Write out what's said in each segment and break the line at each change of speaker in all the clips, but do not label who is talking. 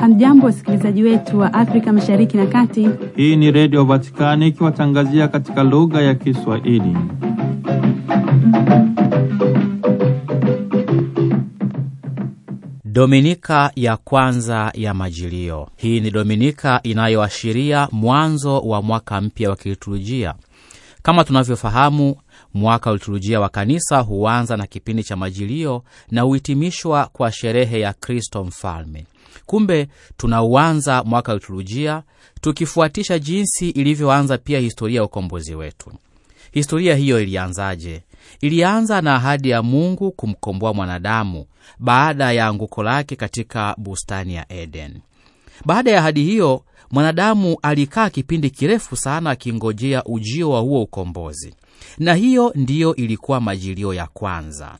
Hamjambo, wasikilizaji wetu wa Afrika Mashariki na Kati. Hii ni Redio Vatikani ikiwatangazia katika
lugha ya Kiswahili. Dominika ya kwanza ya Majilio. Hii ni dominika inayoashiria mwanzo wa mwaka mpya wa kiliturujia kama tunavyofahamu, mwaka wa liturujia wa kanisa huanza na kipindi cha Majilio na huhitimishwa kwa sherehe ya Kristo Mfalme. Kumbe tunauanza mwaka wa liturujia tukifuatisha jinsi ilivyoanza pia historia ya ukombozi wetu. Historia hiyo ilianzaje? Ilianza na ahadi ya Mungu kumkomboa mwanadamu baada ya anguko lake katika bustani ya Eden. Baada ya ahadi hiyo, mwanadamu alikaa kipindi kirefu sana akingojea ujio wa huo ukombozi, na hiyo ndiyo ilikuwa majilio ya kwanza.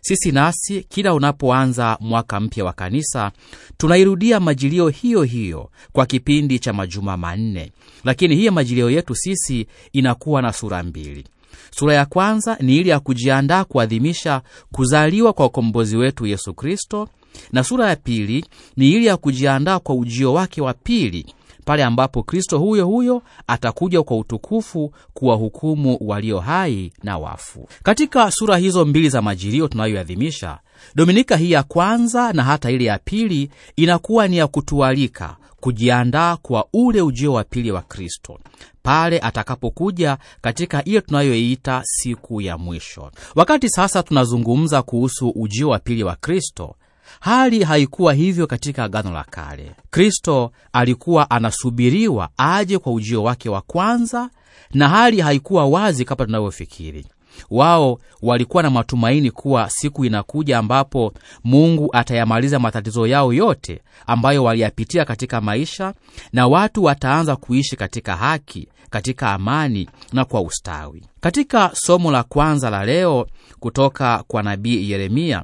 Sisi nasi kila unapoanza mwaka mpya wa kanisa tunairudia majilio hiyo hiyo kwa kipindi cha majuma manne, lakini hiyo majilio yetu sisi inakuwa na sura mbili. Sura ya kwanza ni ile ya kujiandaa kuadhimisha kuzaliwa kwa ukombozi wetu Yesu Kristo, na sura ya pili ni ili ya kujiandaa kwa ujio wake wa pili pale ambapo Kristo huyo huyo atakuja kwa utukufu kuwahukumu walio hai na wafu. Katika sura hizo mbili za majirio tunayoadhimisha, dominika hii ya kwanza na hata ile ya pili inakuwa ni ya kutualika kujiandaa kwa ule ujio wa pili wa Kristo pale atakapokuja katika ile tunayoiita siku ya mwisho. Wakati sasa tunazungumza kuhusu ujio wa pili wa Kristo, Hali haikuwa hivyo katika Agano la Kale. Kristo alikuwa anasubiriwa aje kwa ujio wake wa kwanza, na hali haikuwa wazi kama tunavyofikiri. Wao walikuwa na matumaini kuwa siku inakuja ambapo Mungu atayamaliza matatizo yao yote ambayo waliyapitia katika maisha, na watu wataanza kuishi katika haki, katika amani na kwa ustawi. Katika somo la kwanza la leo kutoka kwa nabii Yeremia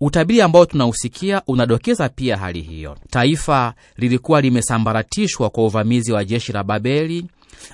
Utabiri ambao tunausikia unadokeza pia hali hiyo. Taifa lilikuwa limesambaratishwa kwa uvamizi wa jeshi la Babeli,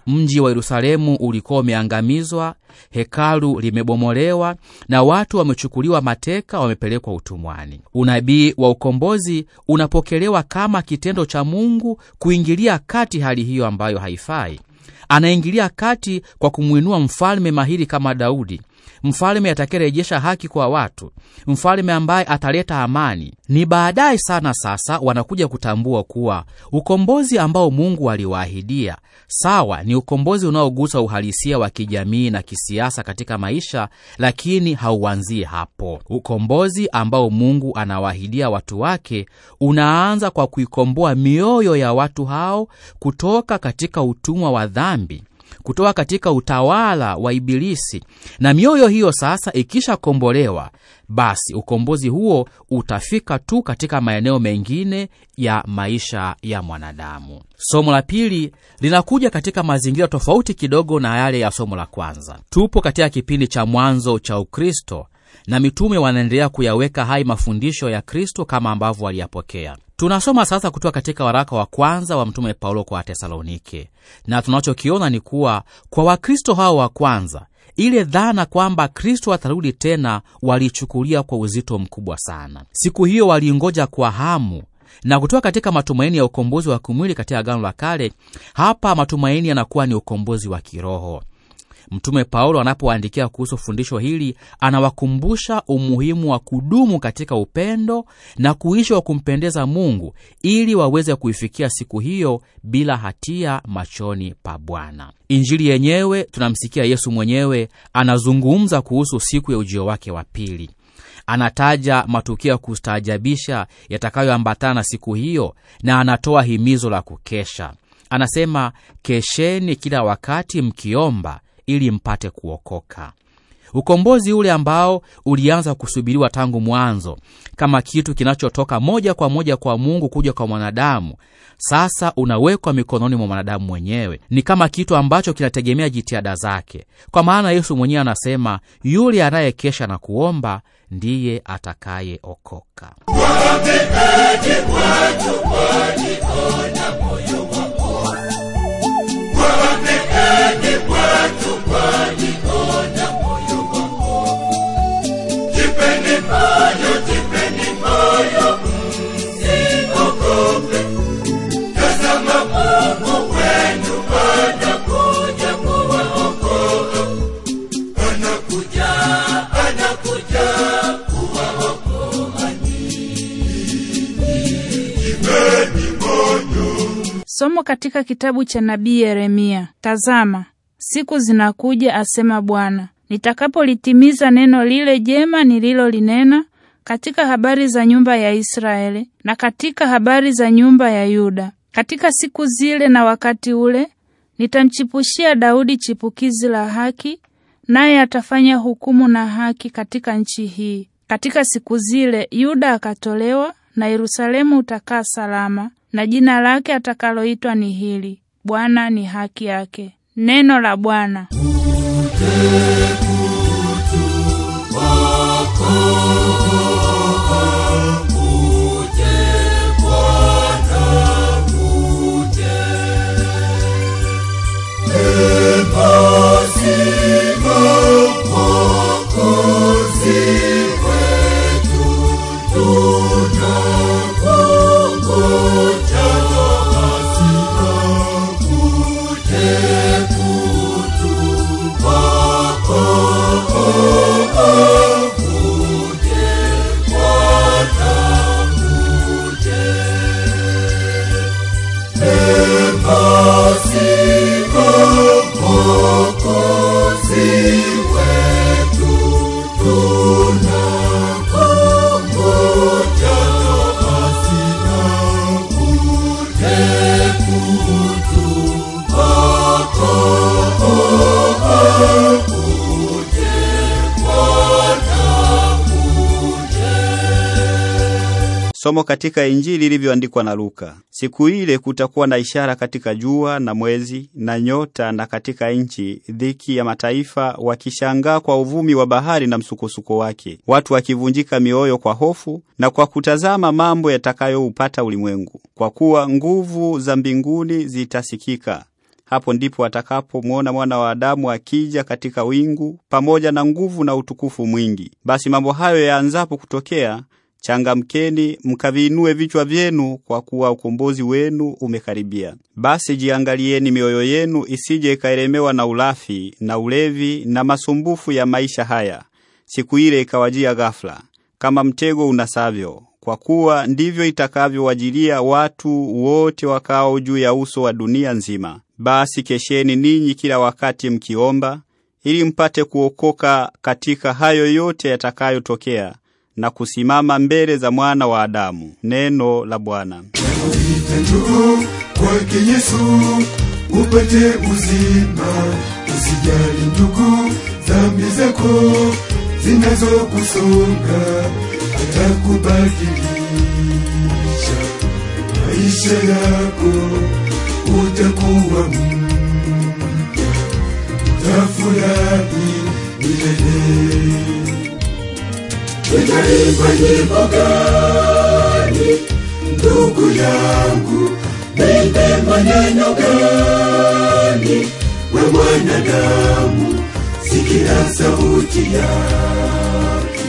mji wa Yerusalemu ulikuwa umeangamizwa, hekalu limebomolewa na watu wamechukuliwa mateka, wamepelekwa utumwani. Unabii wa ukombozi unapokelewa kama kitendo cha Mungu kuingilia kati hali hiyo ambayo haifai. Anaingilia kati kwa kumwinua mfalme mahiri kama Daudi mfalme atakayerejesha haki kwa watu, mfalme ambaye ataleta amani. Ni baadaye sana sasa wanakuja kutambua kuwa ukombozi ambao Mungu aliwaahidia sawa, ni ukombozi unaogusa uhalisia wa kijamii na kisiasa katika maisha, lakini hauanzii hapo. Ukombozi ambao Mungu anawaahidia watu wake unaanza kwa kuikomboa mioyo ya watu hao kutoka katika utumwa wa dhambi kutoka katika utawala wa Ibilisi, na mioyo hiyo sasa ikishakombolewa, basi ukombozi huo utafika tu katika maeneo mengine ya maisha ya mwanadamu. Somo la pili linakuja katika mazingira tofauti kidogo na yale ya somo la kwanza. Tupo katika kipindi cha mwanzo cha Ukristo na mitume wanaendelea kuyaweka hai mafundisho ya Kristo kama ambavyo waliyapokea. Tunasoma sasa kutoka katika waraka wa kwanza wa Mtume Paulo kwa tesalonike na tunachokiona ni kuwa kwa Wakristo hao wa kwanza, ile dhana kwamba Kristo atarudi tena walichukulia kwa uzito mkubwa sana. Siku hiyo waliingoja kwa hamu na kutoka katika matumaini ya ukombozi wa kimwili katika Agano la Kale, hapa matumaini yanakuwa ni ukombozi wa kiroho. Mtume Paulo anapoandikia kuhusu fundisho hili, anawakumbusha umuhimu wa kudumu katika upendo na kuishi wa kumpendeza Mungu ili waweze kuifikia siku hiyo bila hatia machoni pa Bwana. Injili yenyewe, tunamsikia Yesu mwenyewe anazungumza kuhusu siku ya ujio wake wa pili. Anataja matukio ya kustaajabisha yatakayoambatana na siku hiyo na anatoa himizo la kukesha. Anasema, kesheni kila wakati mkiomba ili mpate kuokoka. Ukombozi ule ambao ulianza kusubiriwa tangu mwanzo kama kitu kinachotoka moja kwa moja kwa Mungu kuja kwa mwanadamu, sasa unawekwa mikononi mwa mwanadamu mwenyewe. Ni kama kitu ambacho kinategemea jitihada zake, kwa maana Yesu mwenyewe anasema, yule anayekesha na kuomba ndiye atakayeokoka.
Somo katika kitabu cha nabii Yeremia. Tazama, siku zinakuja, asema Bwana, nitakapolitimiza neno lile jema nililolinena katika habari za nyumba ya Israeli na katika habari za nyumba ya Yuda. Katika siku zile na wakati ule nitamchipushia Daudi chipukizi la haki, naye atafanya hukumu na haki katika nchi hii. Katika siku zile Yuda akatolewa na Yerusalemu utakaa salama, na jina lake atakaloitwa ni hili, Bwana ni haki yake. Neno la Bwana. wako Somo katika Injili ilivyoandikwa na Luka. Siku ile kutakuwa na ishara katika jua na mwezi na nyota, na katika nchi dhiki ya mataifa, wakishangaa kwa uvumi wa bahari na msukosuko wake, watu wakivunjika mioyo kwa hofu na kwa kutazama mambo yatakayoupata ulimwengu, kwa kuwa nguvu za mbinguni zitasikika. Hapo ndipo atakapomwona mwana wa Adamu akija katika wingu pamoja na nguvu na utukufu mwingi. Basi mambo hayo yaanzapo kutokea Changamkeni mkaviinue vichwa vyenu, kwa kuwa ukombozi wenu umekaribia. Basi jiangalieni mioyo yenu isije ikaelemewa na ulafi na ulevi na masumbufu ya maisha haya, siku ile ikawajia ghafula kama mtego unasavyo, kwa kuwa ndivyo itakavyowajilia watu wote wakao juu ya uso wa dunia nzima. Basi kesheni ninyi kila wakati mkiomba, ili mpate kuokoka katika hayo yote yatakayotokea na kusimama mbele za mwana wa Adamu. Neno la Bwana. Kwake Yesu upate uzima, usijali ndugu, dhambi zako zinazokusonga atakubadilisha maisha yako, utakuwa mpya, utafurahi milele nyimbo gani ndugu yangu nipe maneno gani we mwanadamu sikila sauti yake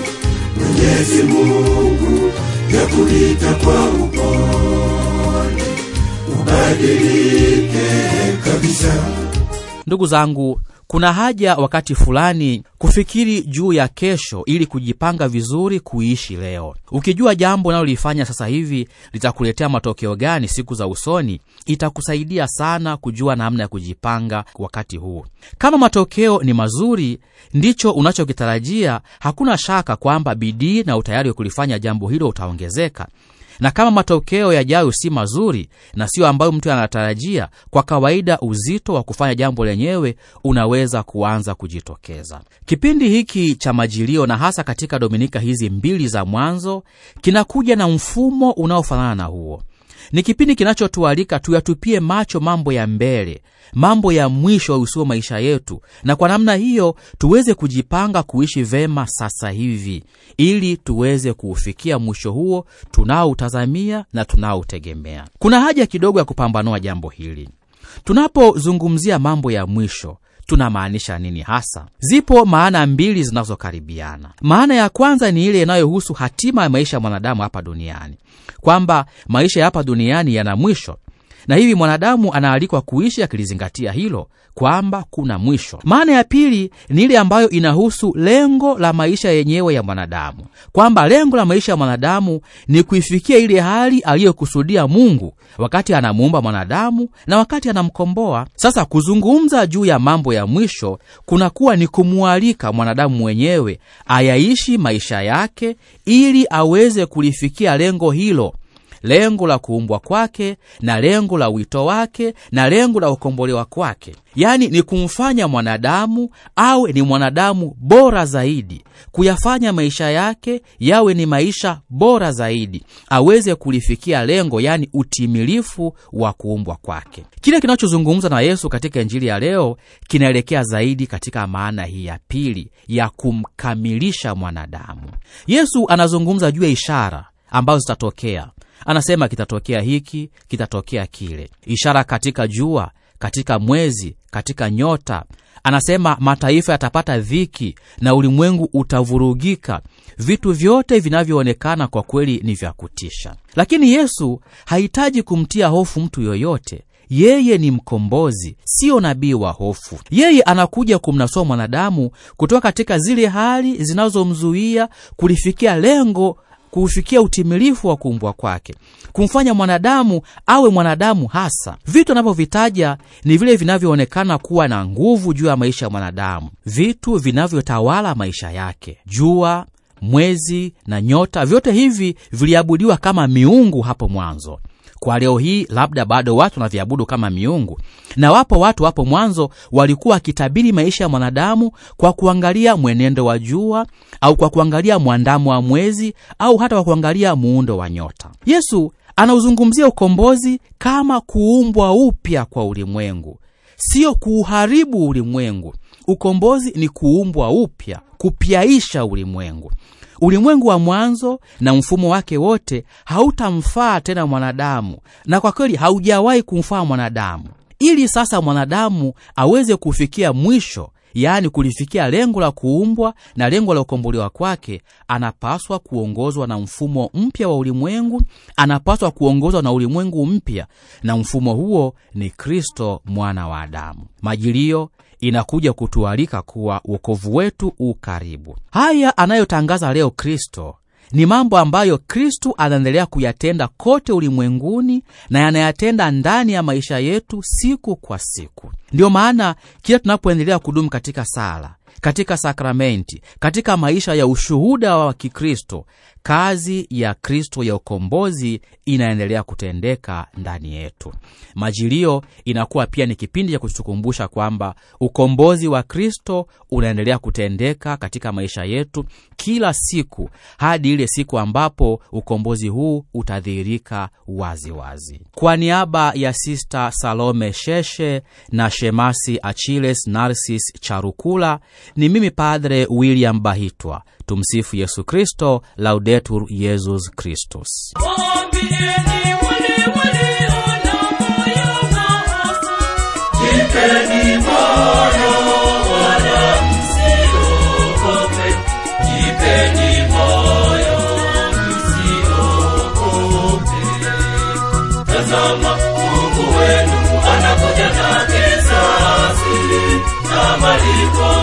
mwenyezi mungu
ya kulita kwa upole ubadilike kabisa ndugu zangu kuna haja wakati fulani kufikiri juu ya kesho ili kujipanga vizuri kuishi leo. Ukijua jambo unalolifanya sasa hivi litakuletea matokeo gani siku za usoni, itakusaidia sana kujua namna ya kujipanga wakati huu. Kama matokeo ni mazuri, ndicho unachokitarajia, hakuna shaka kwamba bidii na utayari wa kulifanya jambo hilo utaongezeka na kama matokeo yajayo si mazuri na siyo ambayo mtu anatarajia, kwa kawaida uzito wa kufanya jambo lenyewe unaweza kuanza kujitokeza. Kipindi hiki cha majilio, na hasa katika dominika hizi mbili za mwanzo, kinakuja na mfumo unaofanana na huo. Ni kipindi kinachotualika tuyatupie macho mambo ya mbele, mambo ya mwisho ausio maisha yetu, na kwa namna hiyo tuweze kujipanga kuishi vema sasa hivi, ili tuweze kuufikia mwisho huo tunaoutazamia na tunaoutegemea. Kuna haja kidogo ya kupambanua jambo hili tunapozungumzia mambo ya mwisho tunamaanisha nini hasa? Zipo maana mbili zinazokaribiana. Maana ya kwanza ni ile inayohusu hatima ya maisha ya mwanadamu hapa duniani, kwamba maisha ya hapa duniani yana mwisho na hivi mwanadamu anaalikwa kuishi akilizingatia hilo kwamba kuna mwisho. Maana ya pili ni ile ambayo inahusu lengo la maisha yenyewe ya mwanadamu, kwamba lengo la maisha ya mwanadamu ni kuifikia ile hali aliyokusudia Mungu wakati anamuumba mwanadamu na wakati anamkomboa. Sasa kuzungumza juu ya mambo ya mwisho kunakuwa ni kumwalika mwanadamu mwenyewe ayaishi maisha yake ili aweze kulifikia lengo hilo lengo la kuumbwa kwake na lengo la wito wake na lengo la kukombolewa kwake, yaani ni kumfanya mwanadamu awe ni mwanadamu bora zaidi, kuyafanya maisha yake yawe ni maisha bora zaidi, aweze kulifikia lengo, yaani utimilifu wa kuumbwa kwake. Kile kinachozungumza na Yesu katika Injili ya leo kinaelekea zaidi katika maana hii ya pili ya kumkamilisha mwanadamu. Yesu anazungumza juu ya ishara ambazo zitatokea Anasema kitatokea hiki, kitatokea kile, ishara katika jua, katika mwezi, katika nyota. Anasema mataifa yatapata dhiki na ulimwengu utavurugika. Vitu vyote vinavyoonekana kwa kweli ni vya kutisha, lakini Yesu hahitaji kumtia hofu mtu yoyote. Yeye ni mkombozi, siyo nabii wa hofu. Yeye anakuja kumnasoa mwanadamu kutoka katika zile hali zinazomzuia kulifikia lengo kuufikia utimilifu wa kuumbwa kwake, kumfanya mwanadamu awe mwanadamu hasa. Vitu anavyovitaja ni vile vinavyoonekana kuwa na nguvu juu ya maisha ya mwanadamu, vitu vinavyotawala maisha yake. Jua, mwezi na nyota, vyote hivi viliabudiwa kama miungu hapo mwanzo. Kwa leo hii labda bado watu wanaviabudu kama miungu, na wapo watu hapo mwanzo walikuwa wakitabiri maisha ya mwanadamu kwa kuangalia mwenendo wa jua au kwa kuangalia mwandamo wa mwezi au hata kwa kuangalia muundo wa nyota. Yesu anauzungumzia ukombozi kama kuumbwa upya kwa ulimwengu, sio kuuharibu ulimwengu. Ukombozi ni kuumbwa upya, kupyaisha ulimwengu. Ulimwengu wa mwanzo na mfumo wake wote hautamfaa tena mwanadamu, na kwa kweli haujawahi kumfaa mwanadamu. Ili sasa mwanadamu aweze kufikia mwisho yaani kulifikia lengo la kuumbwa na lengo la ukombolewa kwake, anapaswa kuongozwa na mfumo mpya wa ulimwengu, anapaswa kuongozwa na ulimwengu mpya, na mfumo huo ni Kristo mwana wa Adamu. Majilio inakuja kutualika kuwa wokovu wetu u karibu. Haya anayotangaza leo Kristo ni mambo ambayo Kristu anaendelea kuyatenda kote ulimwenguni na yanayatenda ndani ya maisha yetu siku kwa siku. Ndiyo maana kila tunapoendelea kudumu katika sala, katika sakramenti, katika maisha ya ushuhuda wa Kikristo, Kazi ya Kristo ya ukombozi inaendelea kutendeka ndani yetu. Majilio inakuwa pia ni kipindi cha kutukumbusha kwamba ukombozi wa Kristo unaendelea kutendeka katika maisha yetu kila siku hadi ile siku ambapo ukombozi huu utadhihirika waziwazi. Kwa niaba ya Sista Salome Sheshe na Shemasi Achiles narsis Charukula, ni mimi Padre William Bahitwa Tumsifu Yesu Kristo, Laudetur Yesus Kristus. Mungu wenu anakuja na kisasi na malipo